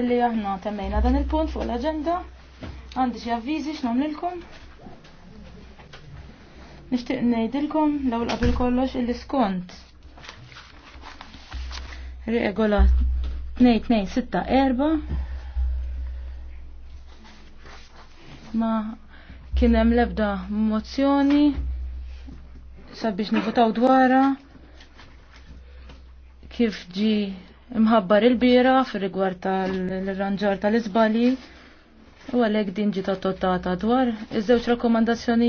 Illi aħna temmejna dan il-punt fuq l-agenda. Għandi xi avviżi x'nagħmlilkom. Nixtieq ngħidilkom l-ewwel qabel kollox il-iskont. regola 2264 ma kien hemm l-ebda mozzjoni sabiex nivutaw dwarha kif ġi imħabbar il-bira fil-rigward tal-ranġar tal-izbali u għalek din ġita totata dwar iż-żewġ